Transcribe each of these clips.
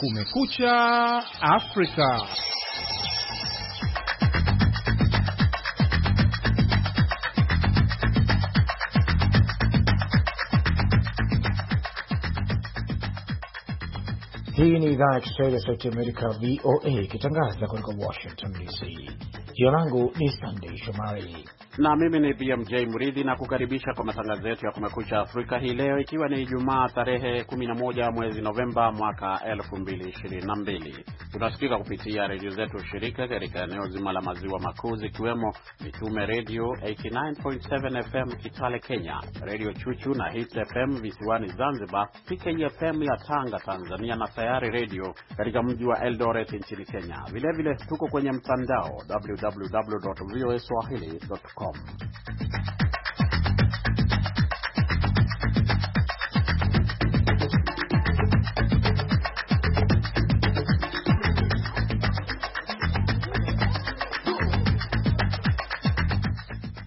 Kumekucha Afrika. Hii ni idhaa ya Kiswahili ya Sauti Amerika, VOA, ikitangaza kutoka Washington DC. Jina langu ni Sandei Shomari na mimi ni BMJ Mridhi na kukaribisha kwa matangazo yetu ya Kumekucha Afrika hii leo, ikiwa ni Ijumaa tarehe 11 mwezi Novemba mwaka 2022. Tunasikika kupitia redio zetu shirika katika eneo zima la maziwa makuu zikiwemo Mitume Redio 89.7 FM Kitale Kenya, Redio Chuchu na Hit FM visiwani Zanzibar, PKFM e ya Tanga Tanzania, na Sayari Redio katika mji wa Eldoret nchini Kenya. Vilevile vile, tuko kwenye mtandao www.voaswahili.com gmail.com.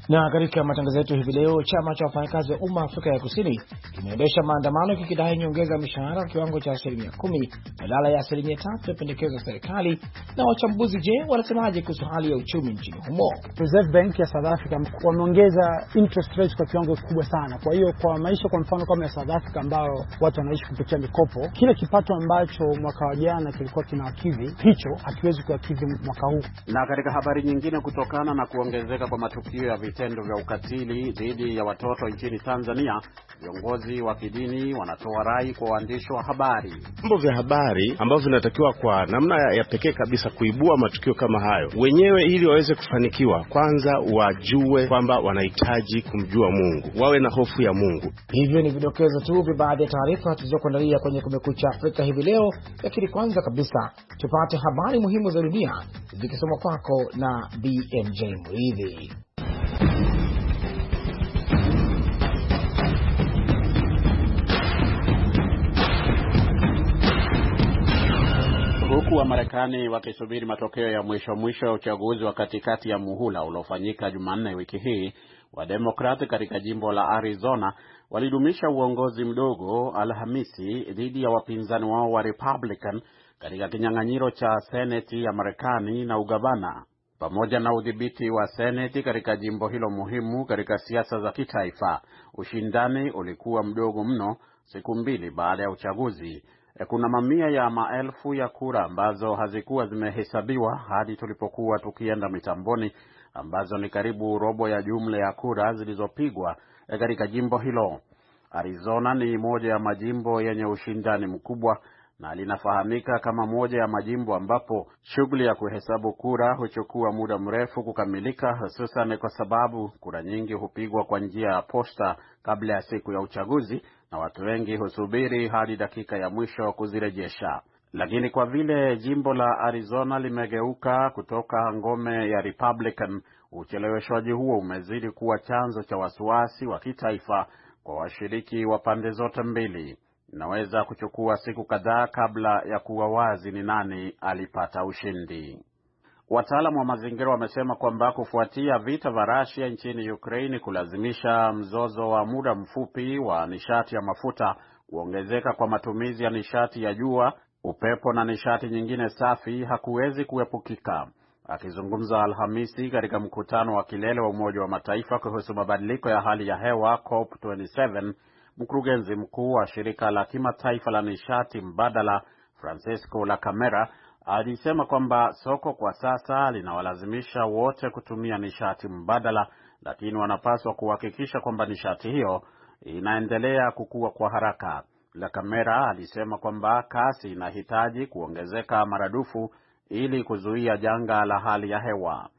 Na katika matangazo yetu hivi leo, chama cha wafanyakazi wa umma Afrika ya Kusini kimeendesha maandamano kikidai nyongeza mishahara kiwango cha asilimia kumi badala ya asilimia tatu ya pendekezo la serikali. Na wachambuzi, je, wanasemaje kuhusu hali ya uchumi nchini humo? Reserve Bank ya South Africa wameongeza interest rates kwa kiwango kikubwa sana. Kwa hiyo kwa maisha, kwa mfano kama ya South Africa ambayo watu wanaishi kupitia mikopo, kile kipato ambacho mwaka wa jana kilikuwa kinawakidhi, hicho hakiwezi kuwakidhi mwaka huu. Na katika habari nyingine, kutokana na kuongezeka kwa matukio ya vitendo vya ukatili dhidi ya watoto nchini Tanzania, viongozi wa kidini wanatoa rai kwa waandishi wa habari. Vyombo vya habari habari ambavyo vinatakiwa kwa namna ya, ya pekee kabisa kuibua matukio kama hayo wenyewe, ili waweze kufanikiwa. Kwanza wajue kwamba wanahitaji kumjua Mungu, wawe na hofu ya Mungu. Hivyo ni vidokezo tu vya baadhi ya taarifa tulizokuandalia kwenye Kumekucha Afrika hivi leo, lakini kwanza kabisa tupate habari muhimu za dunia zikisoma kwako na BMJ Mridhi. Huku marekani wakisubiri matokeo ya mwisho mwisho ya uchaguzi wa katikati ya muhula uliofanyika Jumanne wiki hii, wademokrat katika jimbo la Arizona walidumisha uongozi mdogo Alhamisi dhidi ya wapinzani wao wa Republican katika kinyang'anyiro cha seneti ya Marekani na ugavana pamoja na udhibiti wa seneti katika jimbo hilo muhimu katika siasa za kitaifa. Ushindani ulikuwa mdogo mno siku mbili baada ya uchaguzi Eh, kuna mamia ya maelfu ya kura ambazo hazikuwa zimehesabiwa hadi tulipokuwa tukienda mitamboni, ambazo ni karibu robo ya jumla ya kura zilizopigwa eh, katika jimbo hilo. Arizona ni moja ya majimbo yenye ushindani mkubwa na linafahamika kama moja ya majimbo ambapo shughuli ya kuhesabu kura huchukua muda mrefu kukamilika, hususan kwa sababu kura nyingi hupigwa kwa njia ya posta kabla ya siku ya uchaguzi na watu wengi husubiri hadi dakika ya mwisho kuzirejesha. Lakini kwa vile jimbo la Arizona limegeuka kutoka ngome ya Republican, ucheleweshwaji huo umezidi kuwa chanzo cha wasiwasi wa kitaifa kwa washiriki wa pande zote mbili. Inaweza kuchukua siku kadhaa kabla ya kuwa wazi ni nani alipata ushindi. Wataalamu wa mazingira wamesema kwamba kufuatia vita vya Russia nchini Ukraine kulazimisha mzozo wa muda mfupi wa nishati ya mafuta, kuongezeka kwa matumizi ya nishati ya jua, upepo na nishati nyingine safi hakuwezi kuepukika. Akizungumza Alhamisi katika mkutano wa kilele wa Umoja wa Mataifa kuhusu mabadiliko ya hali ya hewa COP 27, mkurugenzi mkuu wa shirika la kimataifa la nishati mbadala Francesco La Camera alisema kwamba soko kwa sasa linawalazimisha wote kutumia nishati mbadala, lakini wanapaswa kuhakikisha kwamba nishati hiyo inaendelea kukua kwa haraka. La Camera alisema kwamba kasi inahitaji kuongezeka maradufu ili kuzuia janga la hali ya hewa.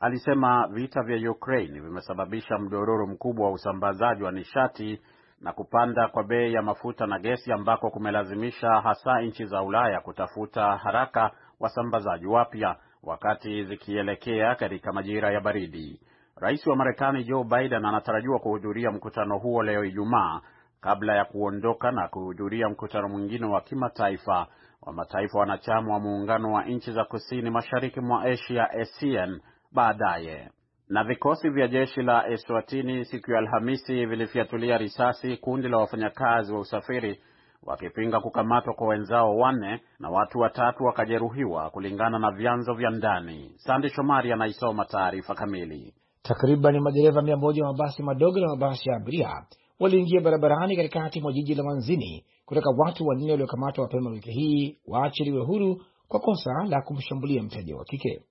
Alisema vita vya Ukraine vimesababisha mdororo mkubwa wa usambazaji wa nishati na kupanda kwa bei ya mafuta na gesi ambako kumelazimisha hasa nchi za Ulaya kutafuta haraka wasambazaji wapya wakati zikielekea katika majira ya baridi. Rais wa Marekani Joe Biden anatarajiwa kuhudhuria mkutano huo leo Ijumaa kabla ya kuondoka na kuhudhuria mkutano mwingine wa kimataifa wa mataifa wanachama wa muungano wa nchi za kusini mashariki mwa Asia ASEAN baadaye. Na vikosi vya jeshi la Eswatini siku ya Alhamisi vilifyatulia risasi kundi la wafanyakazi wa usafiri wakipinga kukamatwa kwa wenzao wanne na watu watatu wakajeruhiwa, kulingana na vyanzo vya ndani. Sande Shomari anaisoma taarifa kamili. Takriban madereva mia moja wa mabasi madogo na mabasi ya abiria waliingia barabarani katikati mwa jiji la Manzini kutaka watu wanne waliokamatwa mapema wiki hii waachiliwe huru kwa kosa la kumshambulia mteja wa kike,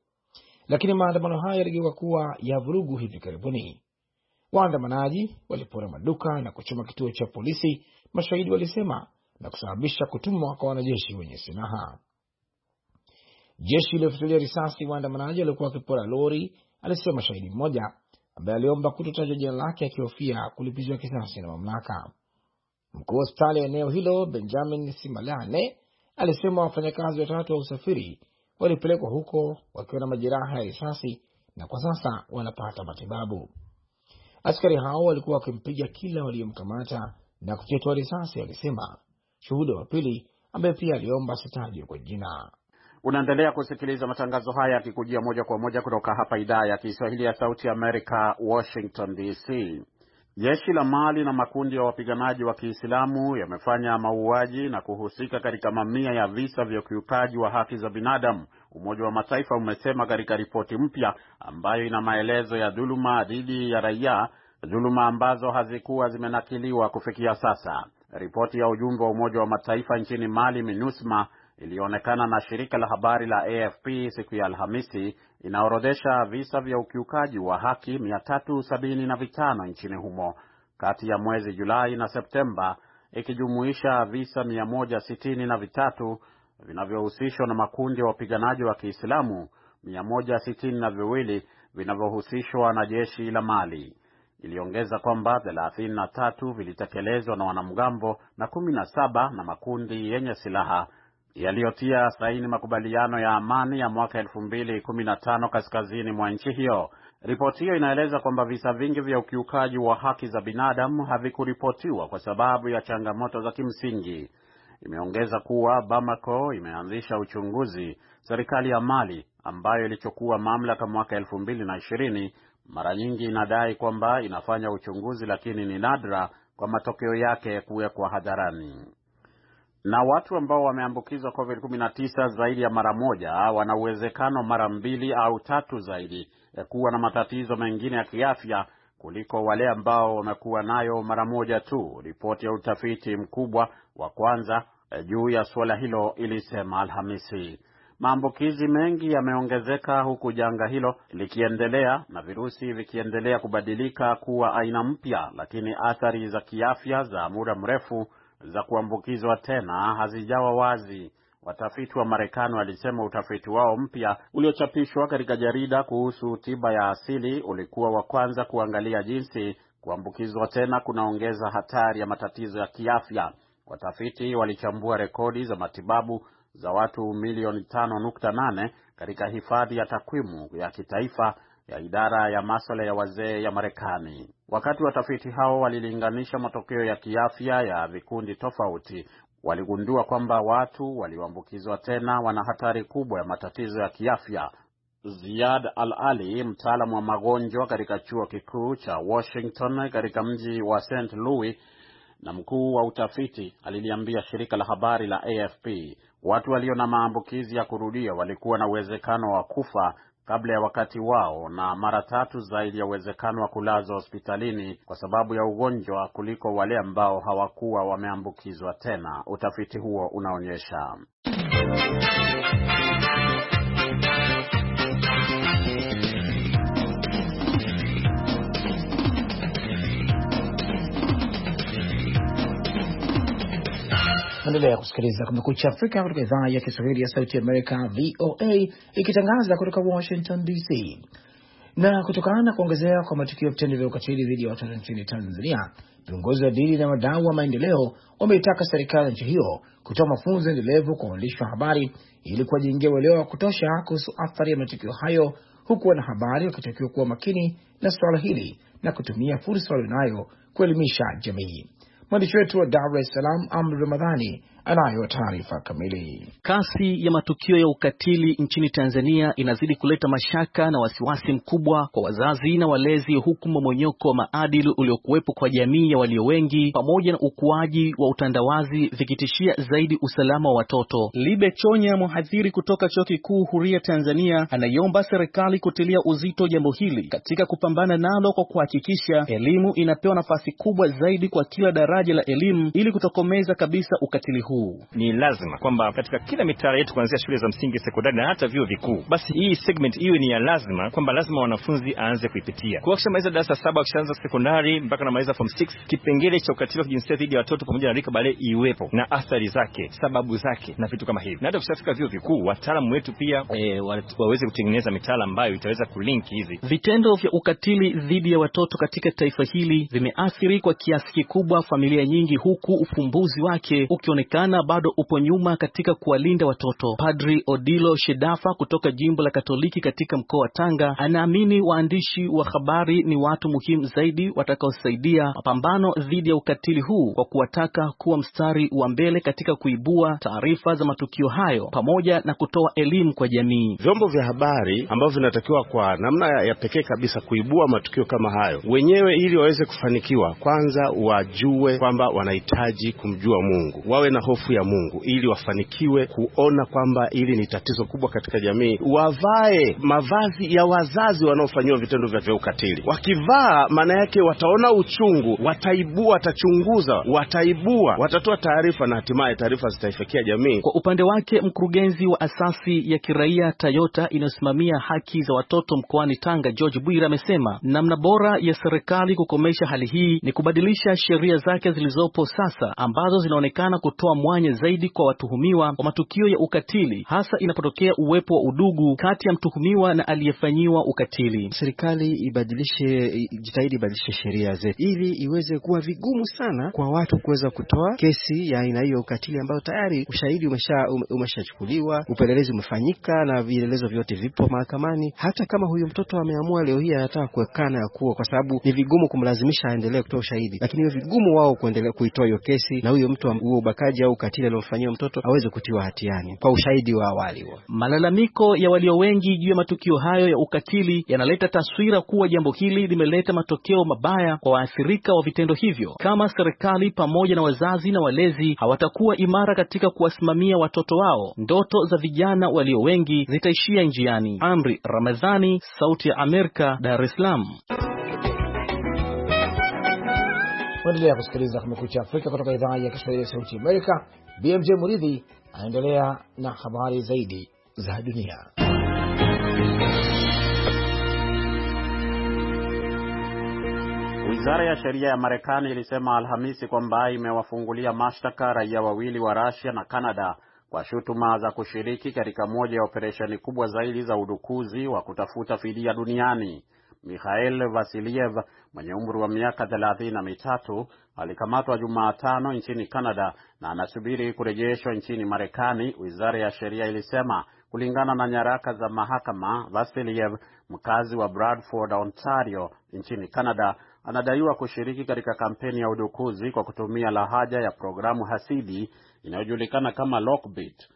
lakini maandamano hayo yaligeuka kuwa ya vurugu hivi karibuni. Waandamanaji walipora maduka na kuchoma kituo cha polisi, mashahidi walisema, na kusababisha kutumwa kwa wanajeshi wenye silaha. Jeshi lilofyatulia risasi waandamanaji waliokuwa wakipora lori, alisema shahidi mmoja ambaye aliomba kutotajwa jina lake, akihofia kulipizwa kisasi na mamlaka. Mkuu wa hospitali ya eneo hilo Benjamin Simalane alisema wafanyakazi watatu wa usafiri walipelekwa huko wakiwa na majeraha ya risasi na kwa sasa wanapata matibabu. Askari hao walikuwa wakimpiga kila waliyomkamata na kufyatua risasi, alisema shuhuda wa pili ambaye pia aliomba asitajwe kwa jina. Unaendelea kusikiliza matangazo haya yakikujia moja kwa moja kutoka hapa idhaa ya Kiswahili ya Sauti ya Amerika, Washington DC. Jeshi la Mali na makundi ya wapiganaji wa Kiislamu yamefanya mauaji na kuhusika katika mamia ya visa vya ukiukaji wa haki za binadamu, Umoja wa Mataifa umesema katika ripoti mpya ambayo ina maelezo ya dhuluma dhidi ya raia, dhuluma ambazo hazikuwa zimenakiliwa kufikia sasa. Ripoti ya ujumbe wa Umoja wa Mataifa nchini Mali, MINUSMA, iliyoonekana na shirika la habari la AFP siku ya Alhamisi inaorodhesha visa vya ukiukaji wa haki 375 nchini humo kati ya mwezi Julai na Septemba, ikijumuisha visa 163 vinavyohusishwa na makundi ya wapiganaji wa Kiislamu, 162 vinavyohusishwa na jeshi la Mali. Iliongeza kwamba 33 vilitekelezwa na wanamgambo na 17 na makundi yenye silaha yaliyotia saini makubaliano ya amani ya mwaka 2015 kaskazini mwa nchi hiyo. Ripoti hiyo inaeleza kwamba visa vingi vya ukiukaji wa haki za binadamu havikuripotiwa kwa sababu ya changamoto za kimsingi. Imeongeza kuwa Bamako imeanzisha uchunguzi serikali ya Mali ambayo ilichukua mamlaka mwaka 2020 mara nyingi inadai kwamba inafanya uchunguzi, lakini ni nadra kwa matokeo yake kuwekwa hadharani. Na watu ambao wameambukizwa COVID-19 zaidi ya mara moja wana uwezekano mara mbili au tatu zaidi eh, kuwa na matatizo mengine ya kiafya kuliko wale ambao wamekuwa nayo mara moja tu, ripoti ya utafiti mkubwa wa kwanza eh, juu ya suala hilo ilisema Alhamisi maambukizi mengi yameongezeka huku janga hilo likiendelea na virusi vikiendelea kubadilika kuwa aina mpya, lakini athari za kiafya za muda mrefu za kuambukizwa tena hazijawa wazi. Watafiti wa Marekani walisema utafiti wao mpya uliochapishwa katika jarida kuhusu tiba ya asili ulikuwa wa kwanza kuangalia jinsi kuambukizwa tena kunaongeza hatari ya matatizo ya kiafya. Watafiti walichambua rekodi za matibabu za watu milioni 5.8 katika hifadhi ya takwimu ya kitaifa ya idara ya maswala ya wazee ya Marekani. Wakati watafiti hao walilinganisha matokeo ya kiafya ya vikundi tofauti, waligundua kwamba watu walioambukizwa tena wana hatari kubwa ya matatizo ya kiafya. Ziad Al-Ali, mtaalamu wa magonjwa katika chuo kikuu cha Washington katika mji wa St. Louis na mkuu wa utafiti, aliliambia shirika la habari la AFP Watu walio na maambukizi ya kurudia walikuwa na uwezekano wa kufa kabla ya wakati wao na mara tatu zaidi ya uwezekano wa kulazwa hospitalini kwa sababu ya ugonjwa kuliko wale ambao hawakuwa wameambukizwa tena, utafiti huo unaonyesha. Unaendelea kusikiliza Kumekucha Afrika kutoka idhaa ya Kiswahili ya Sauti ya Amerika, VOA, ikitangaza kutoka Washington DC. Na kutokana na kuongezea kwa matukio ya vitendo vya ukatili dhidi ya watoto nchini Tanzania, viongozi wa dini na wadau wa maendeleo wameitaka serikali ya nchi hiyo kutoa mafunzo endelevu kwa waandishi wa habari ili kuwajengea uelewa wa kutosha kuhusu athari ya matukio hayo, huku wanahabari wakitakiwa kuwa makini na suala hili na kutumia fursa walionayo kuelimisha jamii. Mwandishi wetu wa Dar es Salaam, Amri Ramadhani, anayo taarifa kamili. Kasi ya matukio ya ukatili nchini Tanzania inazidi kuleta mashaka na wasiwasi mkubwa kwa wazazi na walezi, huku mmomonyoko wa maadili uliokuwepo kwa jamii ya walio wengi pamoja na ukuaji wa utandawazi vikitishia zaidi usalama wa watoto. Libe Chonya, mhadhiri kutoka Chuo Kikuu Huria Tanzania, anaiomba serikali kutilia uzito jambo hili katika kupambana nalo kwa kuhakikisha elimu inapewa nafasi kubwa zaidi kwa kila daraja la elimu ili kutokomeza kabisa ukatili huu vikuu. ni lazima kwamba katika kila mitaala yetu kuanzia shule za msingi, sekondari na hata vyuo vikuu, basi hii segment hiyo ni ya lazima, kwamba lazima wanafunzi aanze kuipitia kwa akishamaliza darasa saba, akishaanza sekondari mpaka namaliza form 6, kipengele cha ukatili wa kijinsia dhidi ya watoto pamoja na rika bale iwepo na athari zake, sababu zake na vitu kama hivi, na hata kushafika vyuo vikuu wataalamu wetu pia e, waweze kutengeneza mitaala ambayo itaweza kulink hizi vitendo vya ukatili dhidi ya watoto katika taifa hili vimeathiri kwa kiasi kikubwa familia nyingi, huku ufumbuzi wake ukionekana unaonekana bado upo nyuma katika kuwalinda watoto. Padri Odilo Shedafa kutoka jimbo la Katoliki katika mkoa wa Tanga anaamini waandishi wa habari ni watu muhimu zaidi watakaosaidia mapambano dhidi ya ukatili huu kwa kuwataka kuwa mstari wa mbele katika kuibua taarifa za matukio hayo pamoja na kutoa elimu kwa jamii. Vyombo vya habari ambavyo vinatakiwa kwa namna ya, ya pekee kabisa kuibua matukio kama hayo wenyewe, ili waweze kufanikiwa, kwanza wajue kwamba wanahitaji kumjua Mungu, wawe na hofu ya Mungu ili wafanikiwe kuona kwamba hili ni tatizo kubwa katika jamii, wavae mavazi ya wazazi wanaofanyiwa vitendo vya ukatili. Wakivaa maana yake wataona uchungu, wataibua, watachunguza, wataibua, watatoa taarifa na hatimaye taarifa zitaifikia jamii. Kwa upande wake, mkurugenzi wa asasi ya kiraia Tayota inayosimamia haki za watoto mkoani Tanga, George Bwira, amesema namna bora ya serikali kukomesha hali hii ni kubadilisha sheria zake zilizopo sasa ambazo zinaonekana kutoa mwanya zaidi kwa watuhumiwa wa matukio ya ukatili, hasa inapotokea uwepo wa udugu kati ya mtuhumiwa na aliyefanyiwa ukatili. Serikali ibadilishe, jitahidi ibadilishe sheria zetu ili iweze kuwa vigumu sana kwa watu kuweza kutoa kesi ya aina hiyo ya ukatili ambayo tayari ushahidi umeshachukuliwa, umesha upelelezi umefanyika na vielelezo vyote vipo mahakamani. Hata kama huyu mtoto ameamua leo hii anataka kuwekana ya kuwa, kwa sababu ni vigumu kumlazimisha aendelee kutoa ushahidi, lakini hiyo vigumu wao kuendelea kuitoa hiyo kesi na huyo mtu huo ubakaji au ukatili aliofanyiwa mtoto aweze kutiwa hatiani kwa ushahidi wa awali wa. Malalamiko ya walio wengi juu ya matukio hayo ya ukatili yanaleta taswira kuwa jambo hili limeleta matokeo mabaya kwa waathirika wa vitendo hivyo. Kama serikali pamoja na wazazi na walezi hawatakuwa imara katika kuwasimamia watoto wao, ndoto za vijana walio wengi zitaishia njiani. Amri Ramadhani, Sauti ya Amerika, Dar es Salaam kuendelea kusikiliza Kumekucha Afrika kutoka idhaa ya Kiswahili ya Sauti Amerika. BMJ Muridhi anaendelea na habari zaidi za dunia. Wizara ya sheria ya Marekani ilisema Alhamisi kwamba imewafungulia mashtaka raia wawili wa Rusia na canada kwa shutuma za kushiriki katika moja ya operesheni kubwa zaidi za udukuzi wa kutafuta fidia duniani. Mikhail Vasiliev mwenye umri wa miaka thelathini na mitatu alikamatwa Jumatano nchini Canada na anasubiri kurejeshwa nchini Marekani, wizara ya sheria ilisema. Kulingana na nyaraka za mahakama, Vasiliev mkazi wa Bradford, Ontario nchini Canada anadaiwa kushiriki katika kampeni ya udukuzi kwa kutumia lahaja ya programu hasidi inayojulikana kama Lockbit.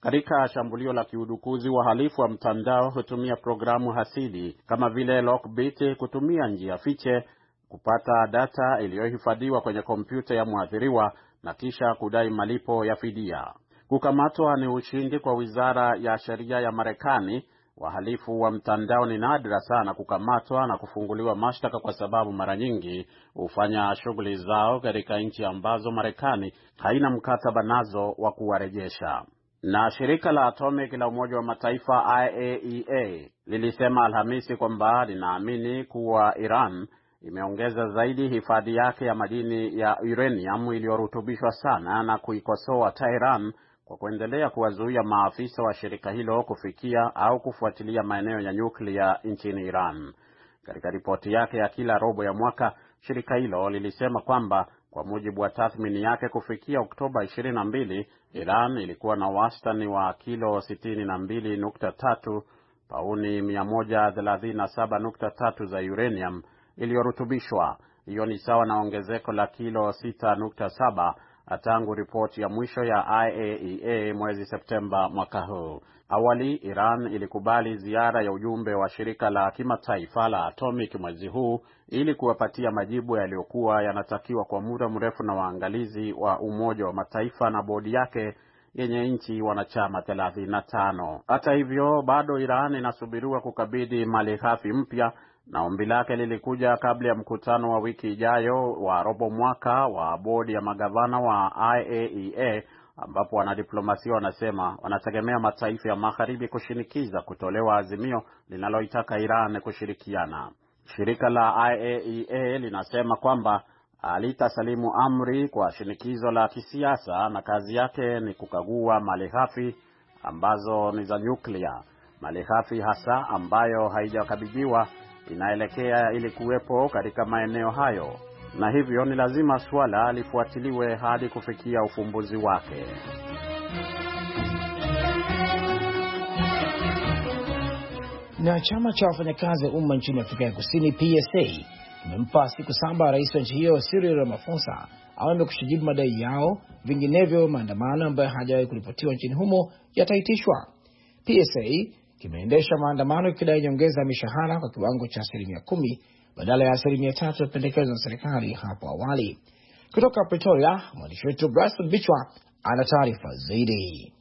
Katika shambulio la kiudukuzi, wahalifu wa mtandao hutumia programu hasidi kama vile Lockbit kutumia njia fiche kupata data iliyohifadhiwa kwenye kompyuta ya mwathiriwa na kisha kudai malipo ya fidia. Kukamatwa ni ushindi kwa wizara ya sheria ya Marekani. Wahalifu wa mtandao ni nadra sana kukamatwa na kufunguliwa mashtaka kwa sababu mara nyingi hufanya shughuli zao katika nchi ambazo Marekani haina mkataba nazo wa kuwarejesha. Na shirika la atomic la Umoja wa Mataifa IAEA e lilisema Alhamisi kwamba linaamini kuwa Iran imeongeza zaidi hifadhi yake ya madini ya uranium iliyorutubishwa sana na kuikosoa Tehran kwa kuendelea kuwazuia maafisa wa shirika hilo kufikia au kufuatilia maeneo ya nyuklia nchini Iran. Katika ripoti yake ya kila robo ya mwaka, shirika hilo lilisema kwamba kwa mujibu wa tathmini yake, kufikia Oktoba 22 Iran ilikuwa na wastani wa kilo 62.3, pauni 137.3 za uranium iliyorutubishwa. Hiyo ni sawa na ongezeko la kilo 6.7 tangu ripoti ya mwisho ya IAEA e mwezi Septemba mwaka huu. Awali Iran ilikubali ziara ya ujumbe wa shirika la kimataifa la atomic mwezi huu ili kuwapatia majibu yaliyokuwa yanatakiwa kwa muda mrefu na waangalizi wa Umoja wa Mataifa na bodi yake yenye nchi wanachama 35. Hata hivyo, bado Iran inasubiriwa kukabidhi mali ghafi mpya na ombi lake lilikuja kabla ya mkutano wa wiki ijayo wa robo mwaka wa bodi ya magavana wa IAEA e ambapo wanadiplomasia wanasema wanategemea mataifa ya magharibi kushinikiza kutolewa azimio linaloitaka Iran kushirikiana. Shirika la IAEA e linasema kwamba alitasalimu amri kwa shinikizo la kisiasa na kazi yake ni kukagua malighafi ambazo ni za nyuklia. Malighafi hasa ambayo haijakabidhiwa inaelekea ili kuwepo katika maeneo hayo, na hivyo ni lazima suala lifuatiliwe hadi kufikia ufumbuzi wake. Na chama cha wafanyakazi wa umma nchini Afrika ya Kusini, PSA, kimempa siku saba rais wa nchi hiyo Cyril Ramaphosa awame kujibu madai yao, vinginevyo maandamano ambayo hajawahi kuripotiwa nchini humo yataitishwa. PSA kimeendesha maandamano ikidai nyongeza ya mishahara kwa kiwango cha asilimia kumi badala ya asilimia tatu ya pendekezo la serikali hapo awali. Kutoka Pretoria, mwandishi wetu Bras Bichwa ana taarifa zaidi.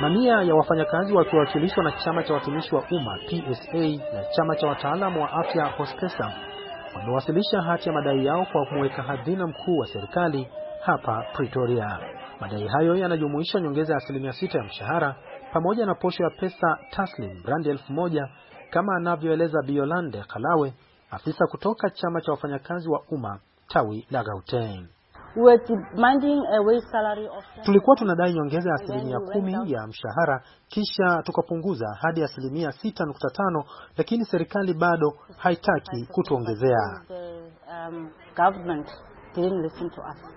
Mamia ya wafanyakazi wakiwakilishwa na chama cha watumishi wa umma PSA na chama cha wataalamu wa afya HOSPESA wamewasilisha hati ya madai yao kwa kumweka hadhina mkuu wa serikali hapa Pretoria. Madai hayo yanajumuisha nyongeza ya asilimia sita ya mshahara pamoja na posho ya pesa taslim randi elfu moja kama anavyoeleza Biolande Kalawe, afisa kutoka chama cha wafanyakazi wa umma tawi la Gauteng. Tulikuwa tunadai nyongeza ya asilimia kumi ya mshahara kisha tukapunguza hadi asilimia sita nukta tano lakini serikali bado haitaki kutuongezea. Um,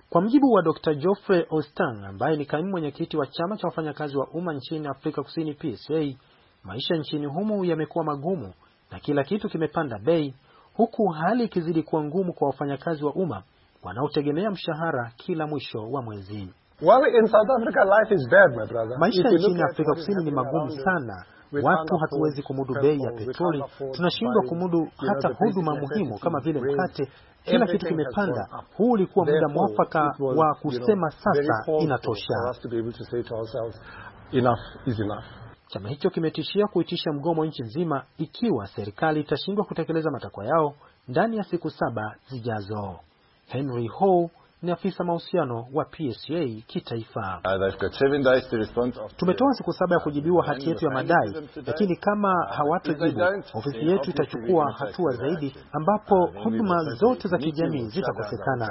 kwa mujibu wa Dr. Geoffrey Ostang ambaye ni kaimu mwenyekiti wa chama cha wafanyakazi wa umma nchini Afrika Kusini PSA, maisha nchini humu yamekuwa magumu na kila kitu kimepanda bei huku hali ikizidi kuwa ngumu kwa wafanyakazi wa umma wanaotegemea mshahara kila mwisho wa mwezi. Well, in South Africa, life is bad, my brother. Maisha nchini Afrika Kusini ni magumu sana. Watu hatuwezi kumudu bei ya petroli, tunashindwa kumudu hata huduma muhimu kama vile mkate. Kila kitu kimepanda. Huu ulikuwa muda mwafaka wa kusema sasa inatosha. Chama hicho kimetishia kuitisha mgomo nchi nzima ikiwa serikali itashindwa kutekeleza matakwa yao ndani ya siku saba zijazo. Henry Ho ni afisa mahusiano wa PSA kitaifa. Tumetoa siku saba ya kujibiwa hati yetu ya madai, lakini kama hawatojibu, ofisi yetu itachukua hatua zaidi, ambapo huduma zote za kijamii zitakosekana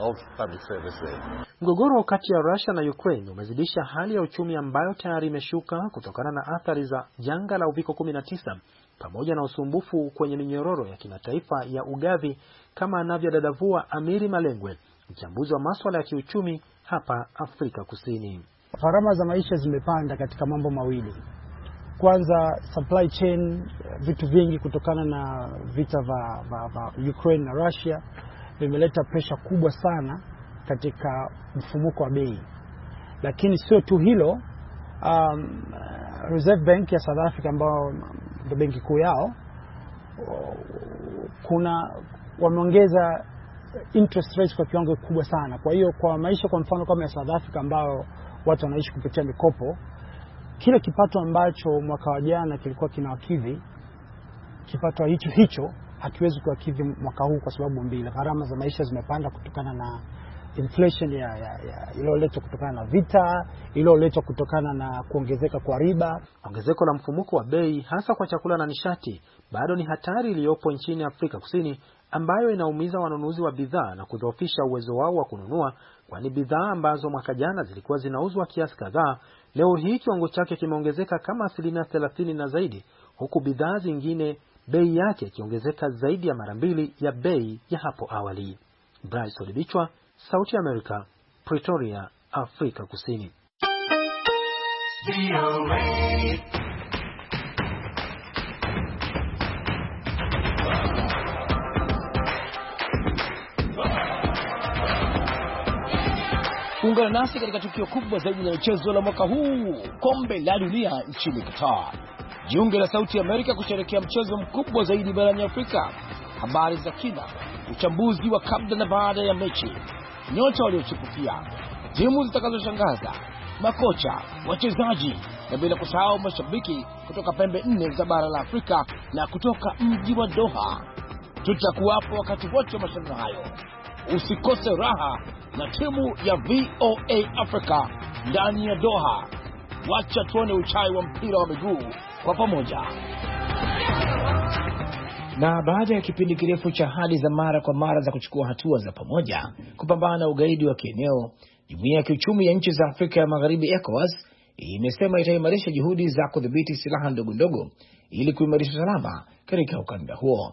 of public services. Mgogoro kati ya Russia na Ukraine umezidisha hali ya uchumi ambayo tayari imeshuka kutokana na athari za janga la uviko 19 pamoja na usumbufu kwenye minyororo ya kimataifa ya ugavi, kama anavyodadavua Amiri Malengwe, mchambuzi wa maswala ya kiuchumi hapa Afrika Kusini. Gharama za maisha zimepanda katika mambo mawili. Kwanza, supply chain, vitu vingi kutokana na vita vya Ukraine na Russia vimeleta presha kubwa sana katika mfumuko wa bei. Lakini sio tu hilo, um, Reserve Bank ya South Africa ambao ndio benki kuu yao, kuna wameongeza interest rates kwa kiwango kikubwa sana. Kwa hiyo kwa maisha kwa mfano kama ya South Africa ambayo watu wanaishi kupitia mikopo, kile kipato ambacho mwaka wa jana kilikuwa kinawakidhi kipato hicho hicho hatuwezi kuwakidhi mwaka huu kwa sababu mbili. Gharama za maisha zimepanda kutokana na inflation ya, ya, ya iliyoletwa kutokana na vita, iliyoletwa kutokana na kuongezeka kwa riba. Ongezeko la mfumuko wa bei hasa kwa chakula na nishati bado ni hatari iliyopo nchini Afrika Kusini ambayo inaumiza wanunuzi wa bidhaa na kudhoofisha uwezo wao wa kununua, kwani bidhaa ambazo mwaka jana zilikuwa zinauzwa kiasi kadhaa, leo hii kiwango chake kimeongezeka kama asilimia thelathini na zaidi, huku bidhaa zingine bei yake ikiongezeka zaidi ya mara mbili ya bei ya hapo awali. Bryce Olibichwa, Sauti ya Amerika, Pretoria, Afrika Kusini. Ungana nasi katika tukio kubwa zaidi la michezo la mwaka huu, kombe la dunia nchini Qatar. Jiunge la Sauti Amerika kusherekea mchezo mkubwa zaidi barani Afrika, habari za kina, uchambuzi wa kabla na baada ya mechi, nyota waliochipukia, timu zitakazoshangaza, makocha, wachezaji na bila kusahau mashabiki kutoka pembe nne za bara la Afrika na kutoka mji wa Doha. Tutakuwapo wakati wote wa mashindano hayo. Usikose raha na timu ya VOA Africa ndani ya Doha. Wacha tuone uchai wa mpira wa miguu kwa pamoja. Na baada ya kipindi kirefu cha hadi za mara kwa mara za kuchukua hatua za pamoja kupambana na ugaidi wa kieneo, jumuiya ya kiuchumi ya nchi za Afrika ya Magharibi, ECOWAS, imesema itaimarisha juhudi za kudhibiti silaha ndogo ndogo ili kuimarisha usalama katika ukanda huo.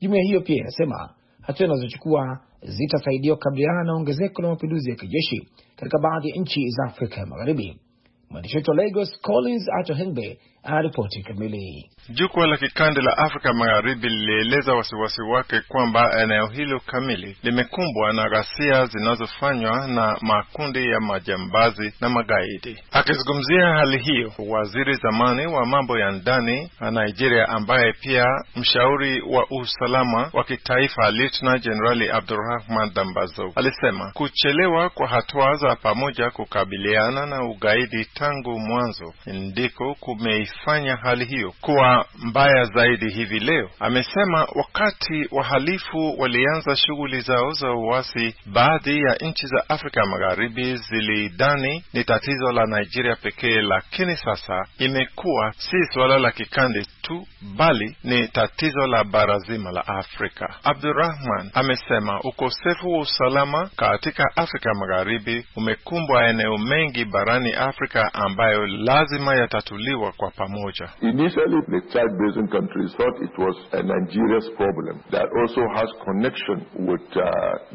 Jumuiya hiyo pia inasema hatua inazochukua zitasaidia kukabiliana na ongezeko la mapinduzi ya kijeshi katika baadhi ya nchi za Afrika ya Magharibi. Mwandishi wetu wa Lagos, Collins Ato Ripoti kamili. Jukwaa la kikanda la Afrika Magharibi lilieleza wasiwasi wake kwamba eneo hilo kamili limekumbwa na ghasia zinazofanywa na makundi ya majambazi na magaidi. Akizungumzia hali hiyo, waziri zamani wa mambo ya ndani wa Nigeria ambaye pia mshauri wa usalama wa kitaifa Lieutenant Generali Abdurrahman Dambazo alisema kuchelewa kwa hatua za pamoja kukabiliana na ugaidi tangu mwanzo ndiko kume kufanya hali hiyo kuwa mbaya zaidi hivi leo. Amesema wakati wahalifu walianza shughuli zao za uasi, baadhi ya nchi za Afrika Magharibi zilidhani ni tatizo la Nigeria pekee, lakini sasa imekuwa si suala la kikanda tu, bali ni tatizo la bara zima la Afrika. Abdurrahman amesema ukosefu wa usalama katika Afrika Magharibi umekumbwa eneo mengi barani Afrika ambayo lazima yatatuliwa kwa pamoja. Initially the Chad Basin countries thought it was a Nigeria's problem that also has connection with uh,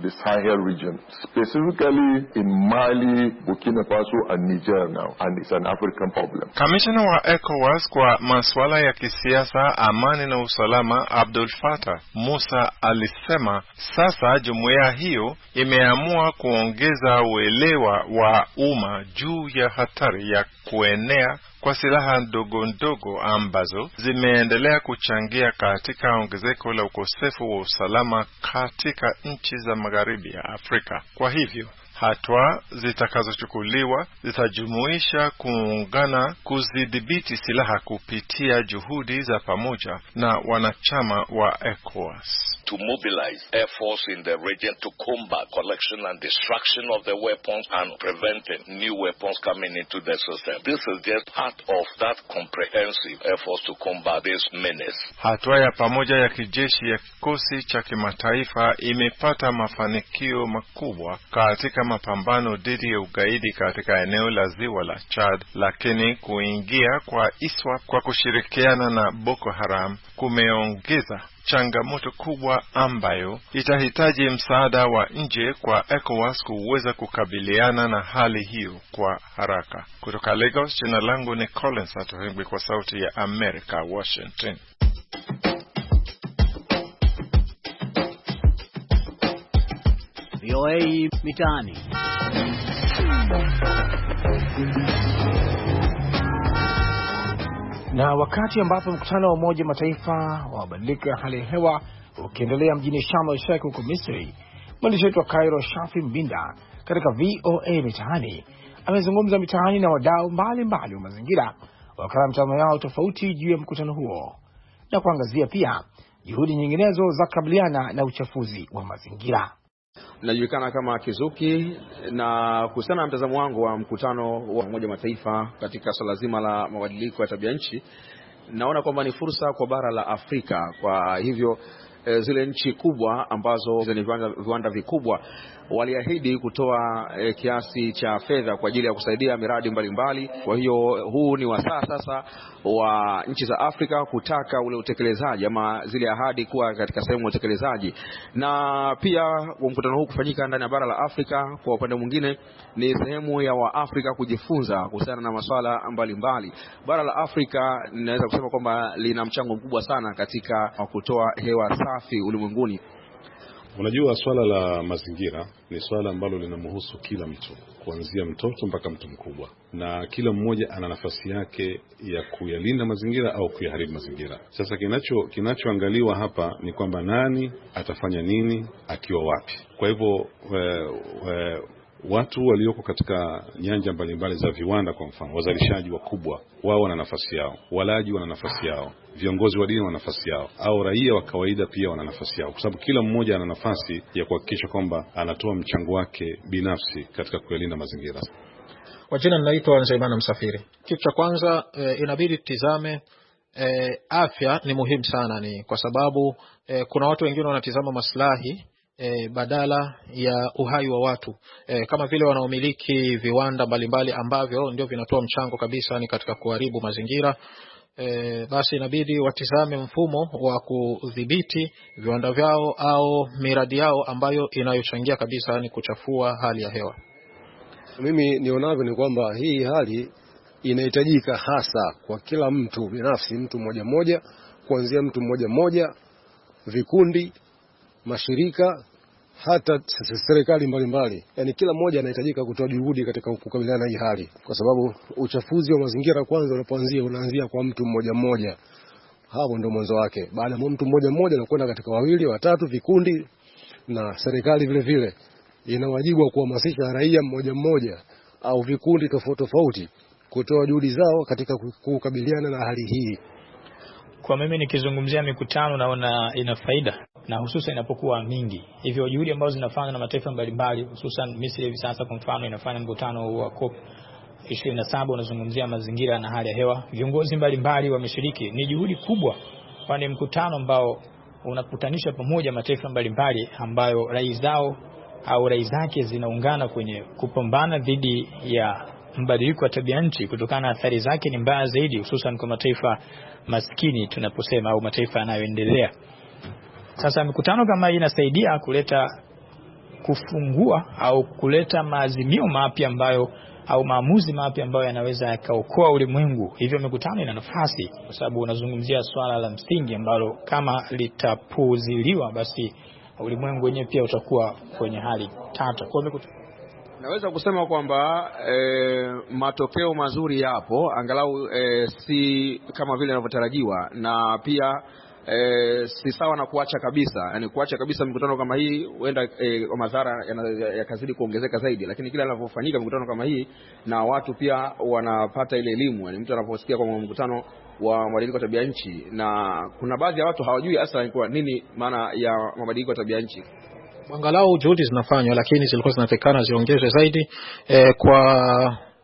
the Sahel region specifically in Mali, Burkina Faso and Niger now and it's an African problem. Kamishna wa ECOWAS kwa masuala ya kisi siasa, amani na usalama Abdul Fatah Musa alisema sasa jumuiya hiyo imeamua kuongeza uelewa wa umma juu ya hatari ya kuenea kwa silaha ndogo ndogo ambazo zimeendelea kuchangia katika ongezeko la ukosefu wa usalama katika nchi za magharibi ya Afrika. Kwa hivyo Hatua zitakazochukuliwa zitajumuisha kuungana kuzidhibiti silaha kupitia juhudi za pamoja na wanachama wa ECOWAS to mobilize air force in the region to combat collection and destruction of the weapons and preventing new weapons coming into the system. This is just part of that comprehensive efforts to combat this menace. Hatua ya pamoja ya kijeshi ya kikosi cha kimataifa imepata mafanikio makubwa katika mapambano dhidi ya ugaidi katika eneo la ziwa la Chad, lakini kuingia kwa ISWAP kwa kushirikiana na Boko Haram kumeongeza changamoto kubwa ambayo itahitaji msaada wa nje kwa ECOWAS kuweza kukabiliana na hali hiyo kwa haraka. Kutoka Lagos, jina langu ni Collins Atohengwi kwa Sauti ya Amerika, Washington. VOA Mitaani. Na wakati ambapo mkutano wa Umoja Mataifa wa mabadiliko ya hali ya hewa ukiendelea mjini Sharm el Sheikh huko Misri, mwandishi wetu wa Cairo Shafi Mbinda katika VOA Mitaani amezungumza mitaani na wadau mbalimbali wa mazingira wakala mitazamo yao tofauti juu ya mkutano huo na kuangazia pia juhudi nyinginezo za kukabiliana na uchafuzi wa mazingira najulikana kama Kizuki. Na kuhusiana na mtazamo wangu wa mkutano wa Umoja wa Mataifa katika swala zima la mabadiliko ya tabia nchi, naona kwamba ni fursa kwa bara la Afrika. Kwa hivyo eh, zile nchi kubwa ambazo ni viwanda, viwanda vikubwa waliahidi kutoa e, kiasi cha fedha kwa ajili ya kusaidia miradi mbalimbali mbali. Kwa hiyo huu ni wasaa sasa wa nchi za Afrika kutaka ule utekelezaji ama zile ahadi kuwa katika sehemu ya utekelezaji, na pia mkutano huu kufanyika ndani ya bara la Afrika, kwa upande mwingine ni sehemu ya Waafrika kujifunza kuhusiana na masuala mbalimbali. Bara la Afrika linaweza kusema kwamba lina mchango mkubwa sana katika kutoa hewa safi ulimwenguni. Unajua, swala la mazingira ni swala ambalo linamhusu kila mtu, kuanzia mtoto mpaka mtu mkubwa, na kila mmoja ana nafasi yake ya kuyalinda mazingira au kuyaharibu mazingira. Sasa kinacho kinachoangaliwa hapa ni kwamba nani atafanya nini akiwa wapi. Kwa hivyo eh, eh, watu walioko katika nyanja mbalimbali za viwanda, kwa mfano wazalishaji wakubwa, wao wana nafasi yao, walaji wana nafasi yao, viongozi wa dini wana nafasi yao, au raia wa kawaida pia wana nafasi yao, kwa sababu kila mmoja ana nafasi ya kuhakikisha kwamba anatoa mchango wake binafsi katika kuyalinda mazingira. Kwa jina ninaitwa Nzeimana Msafiri. Kitu cha kwanza e, inabidi tutizame e, afya ni muhimu sana, ni kwa sababu e, kuna watu wengine wanatizama maslahi e, badala ya uhai wa watu e, kama vile wanaomiliki viwanda mbalimbali ambavyo ndio vinatoa mchango kabisa ni katika kuharibu mazingira e, basi inabidi watizame mfumo wa kudhibiti viwanda vyao au miradi yao ambayo inayochangia kabisa ni kuchafua hali ya hewa. Mimi nionavyo ni kwamba hii hali inahitajika hasa kwa kila mtu binafsi, mtu mmoja mmoja, kuanzia mtu mmoja mmoja, vikundi, mashirika hata serikali mbalimbali, yani kila mmoja anahitajika kutoa juhudi katika kukabiliana na hii hali, kwa sababu uchafuzi wa mazingira kwanza unapoanzia unaanzia kwa mtu mmoja mmoja. Hapo ndio mwanzo wake. Baada ya mtu mmoja mmoja anakwenda katika wawili, watatu, vikundi, na serikali vile vile ina wajibu wa kuhamasisha raia mmoja mmoja au vikundi tofauti tofauti kutoa juhudi zao katika kukabiliana na hali hii. Kwa mimi nikizungumzia mikutano, naona ina faida na hususan inapokuwa mingi. Hivyo juhudi ambazo zinafanywa na mataifa mbalimbali, hususan Misri hivi sasa kwa mfano inafanya mkutano wa COP 27 unazungumzia mazingira na hali ya hewa. Viongozi mbalimbali wameshiriki, ni juhudi kubwa, kwani mkutano ambao unakutanisha pamoja mataifa mbalimbali ambayo rais zao au rai zake zinaungana kwenye kupambana dhidi ya mbadiliko wa tabia nchi kutokana na athari zake ni mbaya zaidi, hususan kwa mataifa maskini tunaposema, au mataifa yanayoendelea. Sasa mikutano kama hii inasaidia kuleta kufungua au kuleta maazimio mapya ambayo au maamuzi mapya ambayo yanaweza yakaokoa ulimwengu. Hivyo mikutano ina nafasi, kwa sababu unazungumzia swala la msingi ambalo kama litapuziliwa basi ulimwengu wenyewe pia utakuwa kwenye hali tata. Kwa mikutano naweza kusema kwamba e, matokeo mazuri yapo angalau e, si kama vile yanavyotarajiwa na pia e, si sawa na kuacha kabisa. Yani kuacha kabisa mikutano kama hii huenda e, madhara yakazidi ya kuongezeka zaidi, lakini kila anavyofanyika mikutano kama hii na watu pia wanapata ile elimu, yani mtu anaposikia kwa mkutano wa mabadiliko ya tabia nchi, na kuna baadhi ya watu hawajui hasa kwa nini maana ya mabadiliko ya tabia nchi angalau juhudi zinafanywa, lakini zilikuwa zinatakikana ziongezwe zaidi eh, kwa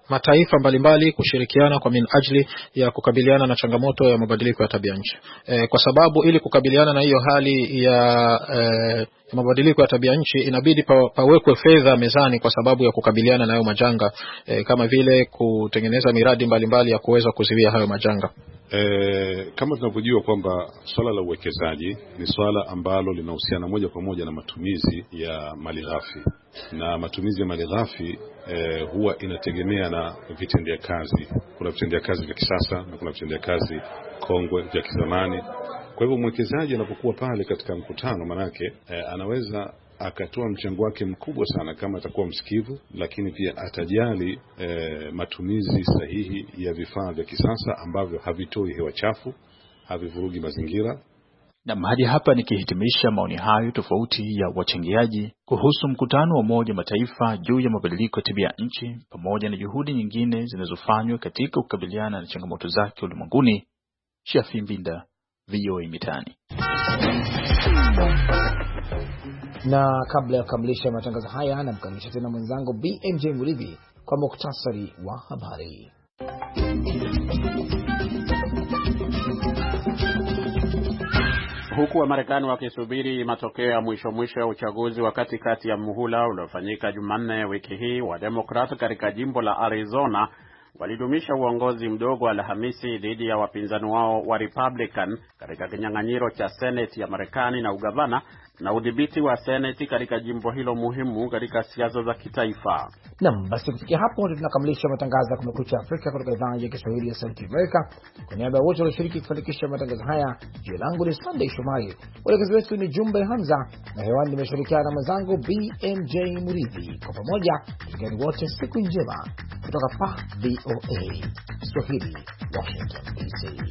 mataifa mbalimbali kushirikiana kwa minajili ya kukabiliana na changamoto ya mabadiliko ya tabia nchi e, kwa sababu ili kukabiliana na hiyo hali ya e, mabadiliko ya tabia nchi inabidi pa, pawekwe fedha mezani kwa sababu ya kukabiliana na hayo majanga e, kama vile kutengeneza miradi mbalimbali mbali ya kuweza kuzuia hayo majanga. E, kama tunavyojua kwamba swala la uwekezaji ni swala ambalo linahusiana moja kwa moja na matumizi ya mali ghafi, na matumizi ya mali ghafi e, huwa inategemea na vitendea kazi. Kuna vitendea kazi vya kisasa na kuna vitendea kazi kongwe vya kizamani. Kwa hivyo mwekezaji anapokuwa pale katika mkutano, manake e, eh, anaweza akatoa mchango wake mkubwa sana kama atakuwa msikivu, lakini pia atajali e, matumizi sahihi ya vifaa vya kisasa ambavyo havitoi hewa chafu, havivurugi mazingira. Na hadi hapa nikihitimisha maoni hayo tofauti ya wachangiaji kuhusu mkutano wa Umoja Mataifa juu ya mabadiliko ya tabia ya nchi pamoja na juhudi nyingine zinazofanywa katika kukabiliana na changamoto zake ulimwenguni. Shafi Mbinda, VOA Mitaani na kabla ya kukamilisha matangazo haya, namkaribisha tena mwenzangu BMJ Mridhi kwa muktasari wa habari. Huku Wamarekani wakisubiri matokeo ya mwisho mwisho ya uchaguzi wa katikati ya muhula uliofanyika Jumanne wiki hii, Wademokrat katika jimbo la Arizona walidumisha uongozi mdogo Alhamisi dhidi ya wapinzani wao wa Republican katika kinyang'anyiro cha Seneti ya Marekani na ugavana na udhibiti wa seneti katika jimbo hilo muhimu katika siasa za kitaifa. Naam, basi kufikia hapo ndio tunakamilisha matangazo ya Kumekucha Afrika kutoka idhaa ya Kiswahili ya Sauti Amerika. Kwa niaba ya wote walioshiriki kufanikisha matangazo haya, jina langu ni Sunday Shomari, mwelekezi wetu ni Jumbe Hamza, na hewani nimeshirikiana na mwenzangu BMJ Muridhi. Kwa pamoja tukigani wote siku njema kutoka pa VOA Swahili, Washington DC.